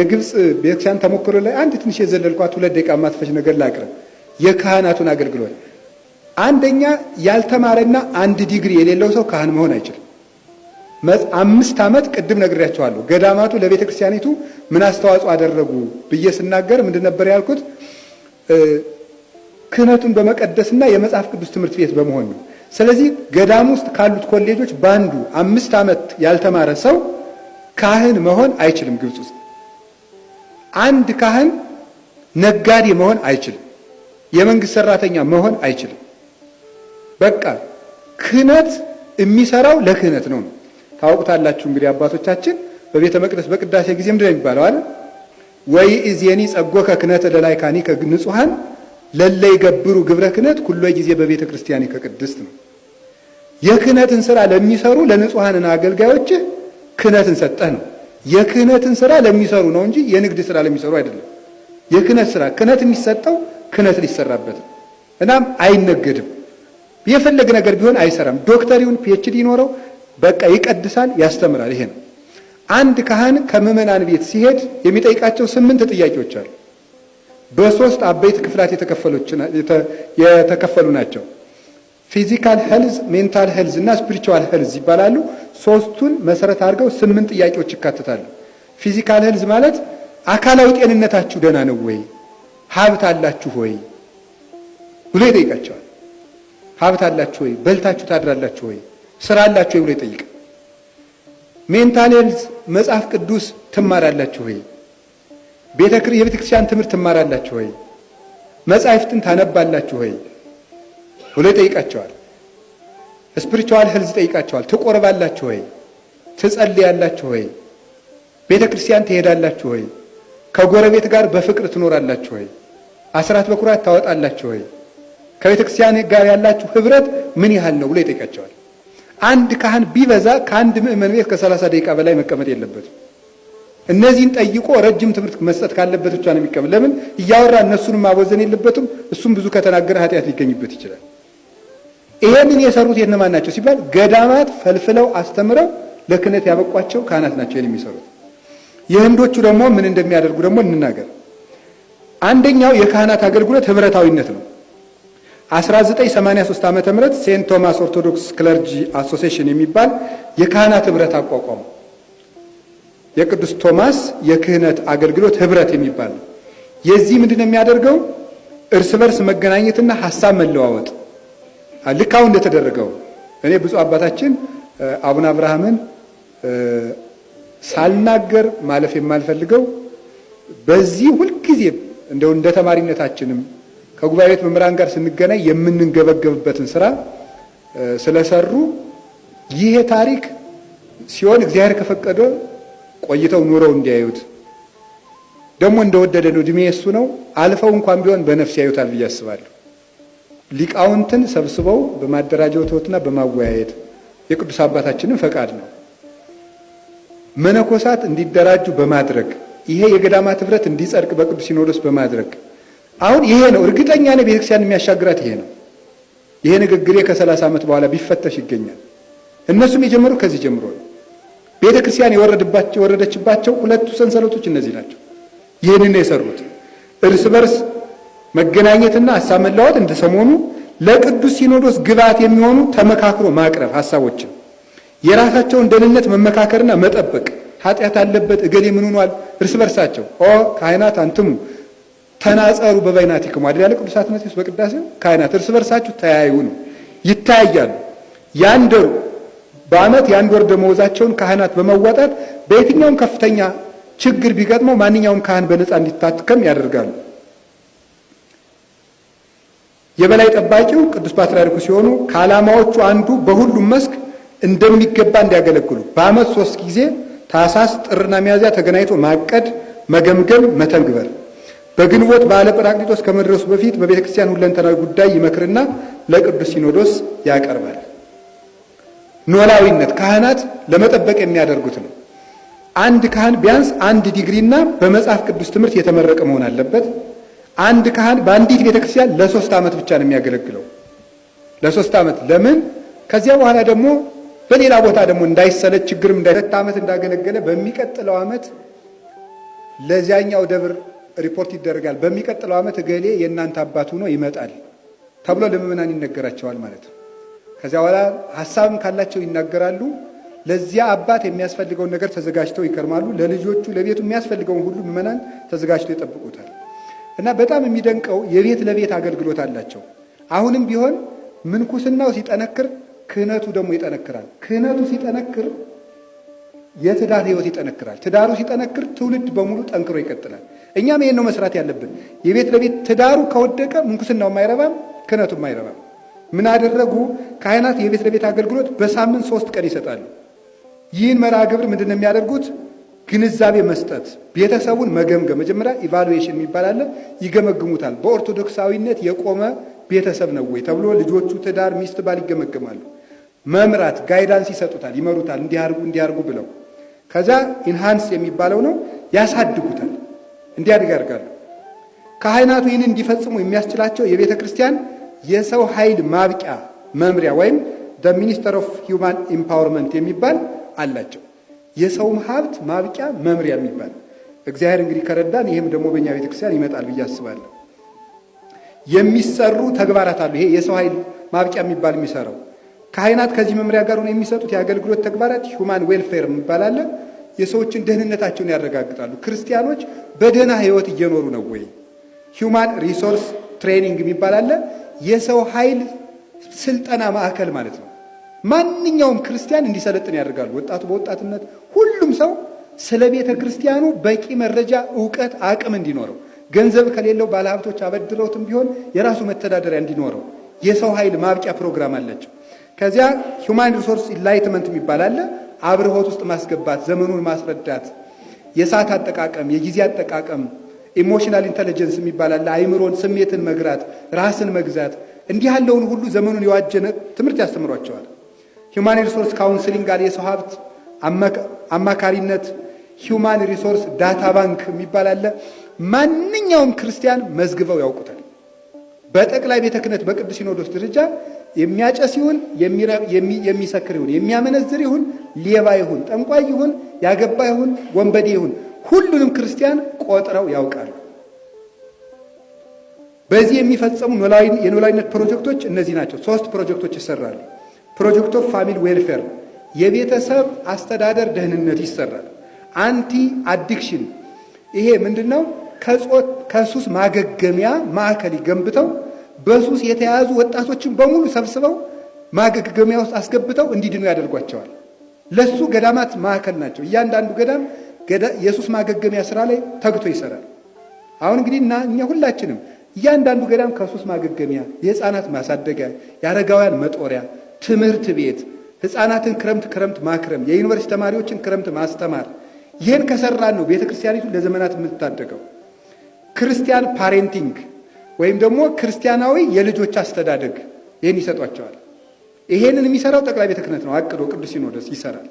የግብፅ ቤተክርስቲያን ተሞክሮ ላይ አንድ ትንሽ የዘለልኳት ሁለት ደቂቃ ማትፈጅ ነገር ላቅርብ። የካህናቱን አገልግሎት አንደኛ ያልተማረና አንድ ዲግሪ የሌለው ሰው ካህን መሆን አይችልም። አምስት ዓመት ቅድም ነግሬያቸዋለሁ። ገዳማቱ ለቤተ ክርስቲያኒቱ ምን አስተዋጽኦ አደረጉ ብዬ ስናገር ምንድን ነበር ያልኩት? ክህነቱን በመቀደስና የመጽሐፍ ቅዱስ ትምህርት ቤት በመሆን ነው። ስለዚህ ገዳም ውስጥ ካሉት ኮሌጆች በአንዱ አምስት ዓመት ያልተማረ ሰው ካህን መሆን አይችልም ግብፅ ውስጥ አንድ ካህን ነጋዴ መሆን አይችልም። የመንግስት ሰራተኛ መሆን አይችልም። በቃ ክህነት የሚሰራው ለክህነት ነው። ታውቁታላችሁ እንግዲህ አባቶቻችን በቤተ መቅደስ በቅዳሴ ጊዜ ምንድን ነው የሚባለው? አለ ወይ እዜኒ ጸጎከ ክህነተ ለላይካኒ ከንጹሐን ለለ ይገብሩ ግብረ ክህነት ሁሉ ጊዜ በቤተ ክርስቲያን ከቅድስት ነው። የክህነትን ስራ ለሚሰሩ ለንጹሐንና አገልጋዮች ክህነትን ሰጠህ ነው። የክህነትን ስራ ለሚሰሩ ነው እንጂ የንግድ ስራ ለሚሰሩ አይደለም። የክህነት ስራ ክህነት የሚሰጠው ክህነት ሊሰራበት ነው። እናም አይነገድም። የፈለገ ነገር ቢሆን አይሰራም። ዶክተሪውን ፒኤችዲ ይኖረው በቃ ይቀድሳል፣ ያስተምራል። ይሄ ነው። አንድ ካህን ከምዕመናን ቤት ሲሄድ የሚጠይቃቸው ስምንት ጥያቄዎች አሉ። በሶስት አበይት ክፍላት የተከፈሉ ናቸው። ፊዚካል ሄልዝ፣ ሜንታል ሄልዝ እና ስፒሪቹዋል ሄልዝ ይባላሉ። ሶስቱን መሰረት አድርገው ስምንት ጥያቄዎች ይካተታሉ። ፊዚካል ሄልዝ ማለት አካላዊ ጤንነታችሁ ደህና ነው ወይ፣ ሀብት አላችሁ ወይ ብሎ ይጠይቃቸዋል። ሀብት አላችሁ ወይ፣ በልታችሁ ታድራላችሁ ወይ፣ ስራ አላችሁ ወይ ብሎ ይጠይቃል። ሜንታል ሄልዝ መጽሐፍ ቅዱስ ትማራላችሁ ወይ፣ የቤተ ክርስቲያን ትምህርት ትማራላችሁ ወይ፣ መጻሕፍትን ታነባላችሁ ወይ ብሎ ይጠይቃቸዋል። ስፒሪቹዋል ህልዝ ይጠይቃቸዋል። ትቆርባላችሁ ወይ? ትጸልያላችሁ ወይ? ቤተ ክርስቲያን ትሄዳላችሁ ወይ? ከጎረቤት ጋር በፍቅር ትኖራላችሁ ወይ? አስራት በኩራት ታወጣላችሁ ወይ? ከቤተ ክርስቲያን ጋር ያላችሁ ህብረት ምን ያህል ነው ብሎ ይጠይቃቸዋል። አንድ ካህን ቢበዛ ከአንድ ምእመን ቤት ከሰላሳ ደቂቃ በላይ መቀመጥ የለበትም። እነዚህን ጠይቆ ረጅም ትምህርት መስጠት ካለበት ብቻ ነው የሚቀመጥ። ለምን እያወራ እነሱንም ማቦዘን የለበትም። እሱም ብዙ ከተናገረ ኃጢአት ሊገኝበት ይችላል። ይሄንን የሰሩት የነማን ናቸው ሲባል ገዳማት ፈልፍለው አስተምረው ለክህነት ያበቋቸው ካህናት ናቸው ይሄን የሚሰሩት። የህንዶቹ ደግሞ ምን እንደሚያደርጉ ደግሞ እንናገር። አንደኛው የካህናት አገልግሎት ህብረታዊነት ነው። 1983 ዓመተ ምህረት ሴንት ቶማስ ኦርቶዶክስ ክለርጂ አሶሴሽን የሚባል የካህናት ህብረት አቋቋሙ። የቅዱስ ቶማስ የክህነት አገልግሎት ህብረት የሚባል ነው። የዚህ ምንድን ነው የሚያደርገው? እርስ በርስ መገናኘትና ሀሳብ መለዋወጥ ልካው እንደተደረገው እኔ ብፁዕ አባታችን አቡነ አብርሃምን ሳልናገር ማለፍ የማልፈልገው በዚህ ሁልጊዜም እንደው እንደ ተማሪነታችንም ከጉባኤ ቤት መምህራን ጋር ስንገናኝ የምንገበገብበትን ስራ ስለሰሩ ይሄ ታሪክ ሲሆን እግዚአብሔር ከፈቀደ ቆይተው ኑረው እንዲያዩት ደግሞ እንደወደደ ነው። እድሜ እሱ ነው። አልፈው እንኳን ቢሆን በነፍስ ያዩታል ብዬ አስባለሁ። ሊቃውንትን ሰብስበው በማደራጀትና በማወያየት የቅዱስ አባታችንን ፈቃድ ነው። መነኮሳት እንዲደራጁ በማድረግ ይሄ የገዳማት ኅብረት እንዲጸድቅ በቅዱስ ሲኖዶስ በማድረግ አሁን ይሄ ነው እርግጠኛ ነው ቤተክርስቲያን የሚያሻግራት ይሄ ነው። ይሄ ንግግሬ ከሰላሳ ዓመት በኋላ ቢፈተሽ ይገኛል። እነሱም የጀመሩ ከዚህ ጀምሮ ነው። ቤተክርስቲያን የወረደችባቸው ሁለቱ ሰንሰለቶች እነዚህ ናቸው። ይህንን የሰሩት እርስ በርስ መገናኘትና ሀሳብ መለዋወጥ እንደ ሰሞኑ ለቅዱስ ሲኖዶስ ግብዓት የሚሆኑ ተመካክሮ ማቅረብ ሀሳቦችን የራሳቸውን ደህንነት መመካከርና መጠበቅ ኃጢአት አለበት እገሌ ምን ሆኗል እርስ በርሳቸው ኦ ካህናት አንትሙ ተናጸሩ በበይናቲክሙ አይደል ያለ ቅዱስ አትናቴዎስ በቅዳሴ ካህናት እርስ በርሳችሁ ተያዩ ነው ይታያሉ ያንደሩ ወር በዓመት የአንድ ወር ደመወዛቸውን ካህናት በመወጣት በየትኛውም ከፍተኛ ችግር ቢገጥመው ማንኛውም ካህን በነፃ እንዲታከም ያደርጋሉ የበላይ ጠባቂው ቅዱስ ፓትርያርኩ ሲሆኑ ከዓላማዎቹ አንዱ በሁሉም መስክ እንደሚገባ እንዲያገለግሉ በዓመት ሶስት ጊዜ ታሳስ ጥርና ሚያዝያ ተገናኝቶ ማቀድ፣ መገምገም፣ መተግበር በግንቦት በዓለ ጰራቅሊጦስ ከመድረሱ በፊት በቤተ ክርስቲያን ሁለንተናዊ ጉዳይ ይመክርና ለቅዱስ ሲኖዶስ ያቀርባል። ኖላዊነት ካህናት ለመጠበቅ የሚያደርጉት ነው። አንድ ካህን ቢያንስ አንድ ዲግሪና በመጽሐፍ ቅዱስ ትምህርት የተመረቀ መሆን አለበት። አንድ ካህን በአንዲት ቤተክርስቲያን ለሶስት ዓመት ብቻ ነው የሚያገለግለው። ለሶስት ዓመት ለምን? ከዚያ በኋላ ደግሞ በሌላ ቦታ ደግሞ እንዳይሰለች ችግርም እንዳይ ሁለት ዓመት እንዳገለገለ በሚቀጥለው ዓመት ለዚያኛው ደብር ሪፖርት ይደረጋል። በሚቀጥለው ዓመት እገሌ የእናንተ አባት ሆኖ ይመጣል ተብሎ ለምእመናን ይነገራቸዋል ማለት ነው። ከዚያ በኋላ ሀሳብም ካላቸው ይናገራሉ። ለዚያ አባት የሚያስፈልገውን ነገር ተዘጋጅተው ይከርማሉ። ለልጆቹ ለቤቱ የሚያስፈልገውን ሁሉ ምእመናን ተዘጋጅተው ይጠብቁታል። እና በጣም የሚደንቀው የቤት ለቤት አገልግሎት አላቸው። አሁንም ቢሆን ምንኩስናው ሲጠነክር ክህነቱ ደግሞ ይጠነክራል። ክህነቱ ሲጠነክር የትዳር ህይወት ይጠነክራል። ትዳሩ ሲጠነክር ትውልድ በሙሉ ጠንክሮ ይቀጥላል። እኛም ይሄን ነው መስራት ያለብን። የቤት ለቤት ትዳሩ ከወደቀ ምንኩስናው ማይረባም? ክህነቱ አይረባም። ምን አደረጉ ካህናት? የቤት ለቤት አገልግሎት በሳምንት ሶስት ቀን ይሰጣሉ። ይህን መርሃ ግብር ምንድን ነው የሚያደርጉት? ግንዛቤ መስጠት፣ ቤተሰቡን መገምገም። መጀመሪያ ኢቫሉዌሽን የሚባል አለ፣ ይገመግሙታል። በኦርቶዶክሳዊነት የቆመ ቤተሰብ ነው ወይ ተብሎ ልጆቹ ትዳር፣ ሚስት፣ ባል ይገመገማሉ። መምራት፣ ጋይዳንስ ይሰጡታል፣ ይመሩታል፣ እንዲያርጉ እንዲያርጉ ብለው ከዛ ኢንሃንስ የሚባለው ነው ያሳድጉታል፣ እንዲያድግ ያደርጋሉ። ካህናቱ ይህን እንዲፈጽሙ የሚያስችላቸው የቤተ ክርስቲያን የሰው ኃይል ማብቂያ መምሪያ ወይም ሚኒስተር ኦፍ ሂውማን ኢምፓወርመንት የሚባል አላቸው። የሰውም ሀብት ማብቂያ መምሪያ የሚባል እግዚአብሔር እንግዲህ ከረዳን ይህም ደግሞ በእኛ ቤተክርስቲያን ይመጣል ብዬ አስባለሁ። የሚሰሩ ተግባራት አሉ። ይሄ የሰው ኃይል ማብቂያ የሚባል የሚሰራው ካህናት ከዚህ መምሪያ ጋር ሆነ የሚሰጡት የአገልግሎት ተግባራት ሁማን ዌልፌር የሚባላለ የሰዎችን ደህንነታቸውን ያረጋግጣሉ። ክርስቲያኖች በደህና ህይወት እየኖሩ ነው ወይ? ሁማን ሪሶርስ ትሬኒንግ የሚባላለ የሰው ኃይል ስልጠና ማዕከል ማለት ነው። ማንኛውም ክርስቲያን እንዲሰለጥን ያደርጋሉ። ወጣቱ በወጣትነት ሁሉም ሰው ስለ ቤተ ክርስቲያኑ በቂ መረጃ፣ እውቀት፣ አቅም እንዲኖረው ገንዘብ ከሌለው ባለሀብቶች አበድረውትም ቢሆን የራሱ መተዳደሪያ እንዲኖረው የሰው ኃይል ማብቂያ ፕሮግራም አለችው። ከዚያ ሁማን ሪሶርስ ኢንላይትመንት የሚባል አለ። አብርሆት ውስጥ ማስገባት፣ ዘመኑን ማስረዳት፣ የሰዓት አጠቃቀም፣ የጊዜ አጠቃቀም፣ ኢሞሽናል ኢንተለጀንስ የሚባል አለ። አይምሮን፣ ስሜትን መግራት፣ ራስን መግዛት፣ እንዲህ ያለውን ሁሉ ዘመኑን የዋጀነ ትምህርት ያስተምሯቸዋል። ሂውማን ሪሶርስ ካውንስሊንግ ጋር የሰው ሀብት አማካሪነት ሂውማን ሪሶርስ ዳታ ባንክ የሚባል አለ። ማንኛውም ክርስቲያን መዝግበው ያውቁታል። በጠቅላይ ቤተ ክህነት በቅዱስ ሲኖዶስ ደረጃ የሚያጨስ ይሁን የሚሰክር ይሁን የሚያመነዝር ይሁን ሌባ ይሁን ጠንቋይ ይሁን ያገባ ይሁን ወንበዴ ይሁን ሁሉንም ክርስቲያን ቆጥረው ያውቃሉ። በዚህ የሚፈጸሙ የኖላዊነት ፕሮጀክቶች እነዚህ ናቸው። ሶስት ፕሮጀክቶች ይሰራሉ። ፕሮጀክት ኦፍ ፋሚሊ ዌልፌር የቤተሰብ አስተዳደር ደህንነት ይሰራል። አንቲ አዲክሽን ይሄ ምንድን ነው? ከጾት ከሱስ ማገገሚያ ማዕከል ገንብተው በሱስ የተያዙ ወጣቶችን በሙሉ ሰብስበው ማገገሚያ ውስጥ አስገብተው እንዲድኑ ያደርጓቸዋል። ለሱ ገዳማት ማዕከል ናቸው። እያንዳንዱ ገዳም የሱስ ማገገሚያ ስራ ላይ ተግቶ ይሰራል። አሁን እንግዲህ እና እኛ ሁላችንም እያንዳንዱ ገዳም ከሱስ ማገገሚያ፣ የህፃናት ማሳደጊያ፣ የአረጋውያን መጦሪያ ትምህርት ቤት ህፃናትን ክረምት ክረምት ማክረም፣ የዩኒቨርሲቲ ተማሪዎችን ክረምት ማስተማር። ይህን ከሰራን ነው ቤተ ክርስቲያኒቱ ለዘመናት የምትታደገው። ክርስቲያን ፓሬንቲንግ ወይም ደግሞ ክርስቲያናዊ የልጆች አስተዳደግ ይህን ይሰጧቸዋል። ይሄንን የሚሰራው ጠቅላይ ቤተ ክህነት ነው፣ አቅዶ ቅዱስ ሲኖዶስ ይሰራል።